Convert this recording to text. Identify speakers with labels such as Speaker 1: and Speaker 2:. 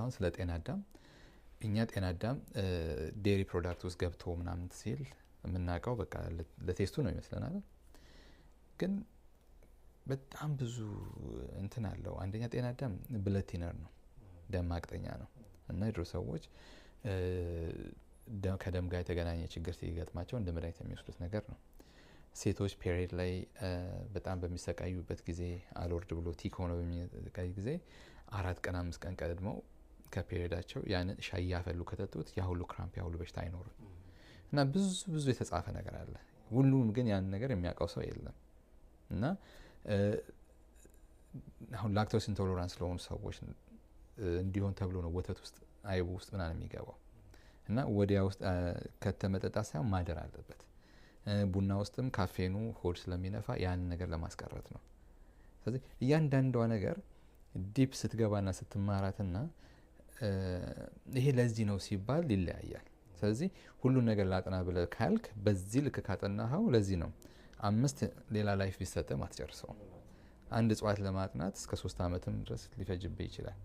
Speaker 1: አሁን ስለ ጤና አዳም እኛ ጤና አዳም ዴሪ ፕሮዳክት ውስጥ ገብቶ ምናምን ሲል የምናውቀው በቃ ለቴስቱ ነው ይመስለናል። ግን በጣም ብዙ እንትን አለው። አንደኛ ጤና አዳም ብለቲነር ነው፣ ደም ማቅጠኛ ነው እና የድሮ ሰዎች ከደም ጋር የተገናኘ ችግር ሲገጥማቸው እንደ መድኃኒት የሚወስዱት ነገር ነው። ሴቶች ፔሪድ ላይ በጣም በሚሰቃዩበት ጊዜ አልወርድ ብሎ ቲክ ሆነው በሚሰቃዩ ጊዜ አራት ቀን አምስት ቀን ቀድመው ከፔሪዳቸው ያንን ሻይ እያፈሉ ከጠጡት ያ ሁሉ ክራምፕ ያ ሁሉ በሽታ አይኖርም። እና ብዙ ብዙ የተጻፈ ነገር አለ። ሁሉም ግን ያን ነገር የሚያውቀው ሰው የለም። እና አሁን ላክቶስ ኢንቶሎራንስ ለሆኑ ሰዎች እንዲሆን ተብሎ ነው ወተት ውስጥ አይቡ ውስጥ ምናምን የሚገባው እና ወዲያ ውስጥ ከተመጠጣ ሳይሆን ማደር አለበት። ቡና ውስጥም ካፌኑ ሆድ ስለሚነፋ ያንን ነገር ለማስቀረት ነው። ስለዚህ እያንዳንዷ ነገር ዲፕ ስትገባና ስትማራትና ይሄ ለዚህ ነው ሲባል ይለያያል። ስለዚህ ሁሉን ነገር ላጥና ብለ ካልክ በዚህ ልክ ካጠናኸው ለዚህ ነው አምስት ሌላ ላይፍ ቢሰጥም አትጨርሰውም። አንድ እጽዋት ለማጥናት እስከ ሶስት ዓመትም ድረስ ሊፈጅብህ ይችላል።